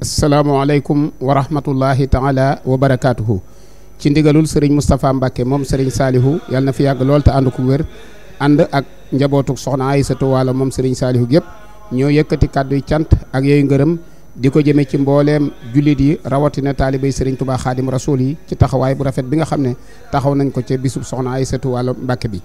asalaamaaleykum wa rahmatullahi taala wa barakaatuhu ci ndigalul sëriñ Moustapha Mbacke moom sëriñ Saalihu yàlla na fi yàgg lool te ànd ku wér ànd ak njabootuk soxna ay Aysatu Waalo moom sëriñ Saalihu gépp ñoo yëkkati kàdduy cant ak yooyu ngërëm di ko jëmee ci mbooleem jullit yi rawatina taalibéy sëriñ Touba Xaadim Rasoul yi ci taxawaay bu rafet bi nga xam ne taxaw nañ ko ca bisub soxna ay Aysatu Waalo Mbacke bi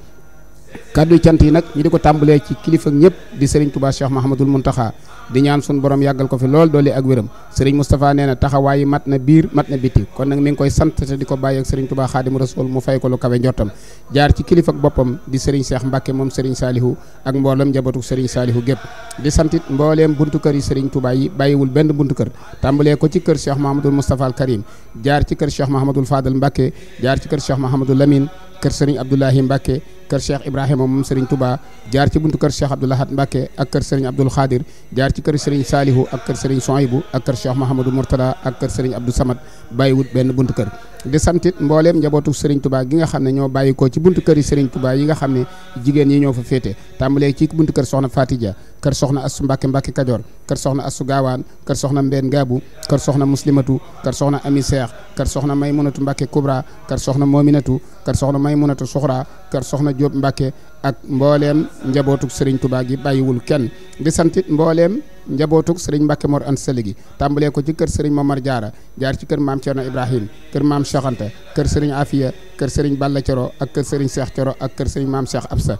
kàddu cant yi nag ñu di ko tàmbalee ci kilifa ñëpp di sëriñ Touba Cheikh Mahamadul Muntaxa di ñaan sun borom yàggal ko fi lool doole ak wéram sëriñ Moustapha nee na taxawaayi mat na biir mat na biti kon nag mi ngi koy sant te di ko bàyyi ak sëriñ Touba Xaadim Rasul mu fay ko lu kawe njortam jaar ci kilifa ak boppam di sëriñ Cheikh Mbacke moom sëriñ Saalihu ak mboolam njabootu sëriñ Saalihu gépp di santit mbooleem buntu kër yi sëriñ Touba yi bàyyiwul benn buntu kër tàmbalee ko ci kër Cheikh Mahamadul Moustapha al Karim jaar ci kër Cheikh Mahamadul Fadal Mbacke jaar ci kër Cheikh Mahamadul Lamine kër sëriñ Abdoulahi Mbacke kër Cheikh Ibrahima moom Serigne Touba jaar ci buntu kër Cheikh Abdoul Ahad Mbacke ak kër Serigne Abdoul Khadir jaar ci kër Serigne Salihu ak kër Serigne Souaibou ak kër Cheikh Mahamadou Mourtada ak kër Serigne Abdou Samad bàyyiwut benn buntu kër di santit mbooleem njabootu Serigne Touba gi nga xam ne ñoo bàyyi ko ci buntu kër yi Serigne Touba yi nga xam ne jigéen yi ñoo fa féete tàmbalee ci buntu kër soxna Fatidia kër soxna Assu Mbàkke Mbàkke Kajoor kër soxna Assu Gaawaan kër soxna Mbeen Gaabu kër soxna Muslimatu kër soxna Ami Seex kër soxna Maymunatu Mbàkke Kubra kër soxna Mominatu kër soxna Maymunatu Suxra kër soxna Jóob Mbàkke ak mbooleem njabootu sëriñ tubaa gi bàyyiwul kenn di santit mbooleem njabootug sëriñ Mbacke Mor Anta Sali gi tàmbalee ko ci kër sëriñ Momar Diarra jaar ci kër maam Thierno Ibrahim kër maam Cheikh Anta kër sëriñ Afia kër sëriñ Balla Coro ak kër sëriñ Cheikh Coro ak kër sëriñ maam Cheikh Absa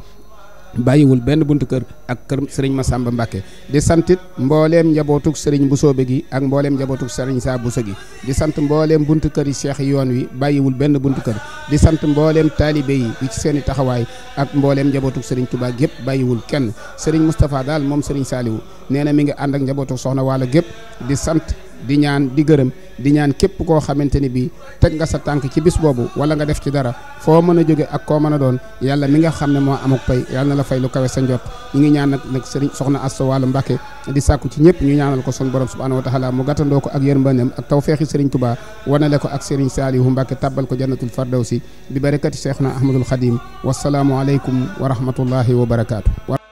bàyyiwul benn buntu kër ak kër sëriñ Massamba Mbacke di santit mbooleem njabootug sëriñ Busoobe gi ak mbooleem njabootug sëriñ Saa Buso gi di sant mbooleem buntu kër yi cheikh yoon wi bàyyiwul benn buntu kër di sant mbooleem taalibe yi di ci seen i taxawaay ak mbooleem njabootuk sëriñ Touba gépp bàyyiwul kenn sëriñ Moustapha daal moom sëriñ Saliou nee na mi ngi ànd ak njabootuk soxna Waalo gépp di sant di ñaan di gërëm di ñaan képp koo xamante ni bii teg nga sa tànk ci bis boobu wala nga def ci dara foo mën a jóge ak koo mën a doon yàlla mi nga xam ne moo amuk pay yàlla na la fay lu kawe sa njot ñi ngi ñaan nag nag sëriñ soxna Asta Walo Mbàkke di sàkku ci ñëpp ñu ñaanal ko sun borom subhanahu wa taala mu gàttandoo ko ak yërmandeem ak tawfeexi sëriñ Tuubaa wanale ko ak sëriñ Saalihu Mbàkke tabbal ko jannatul firdawsi bi barakati cheikhna Ahmadul Xadim wasalaamu aleykum wa rahmatullahi wa barakaatu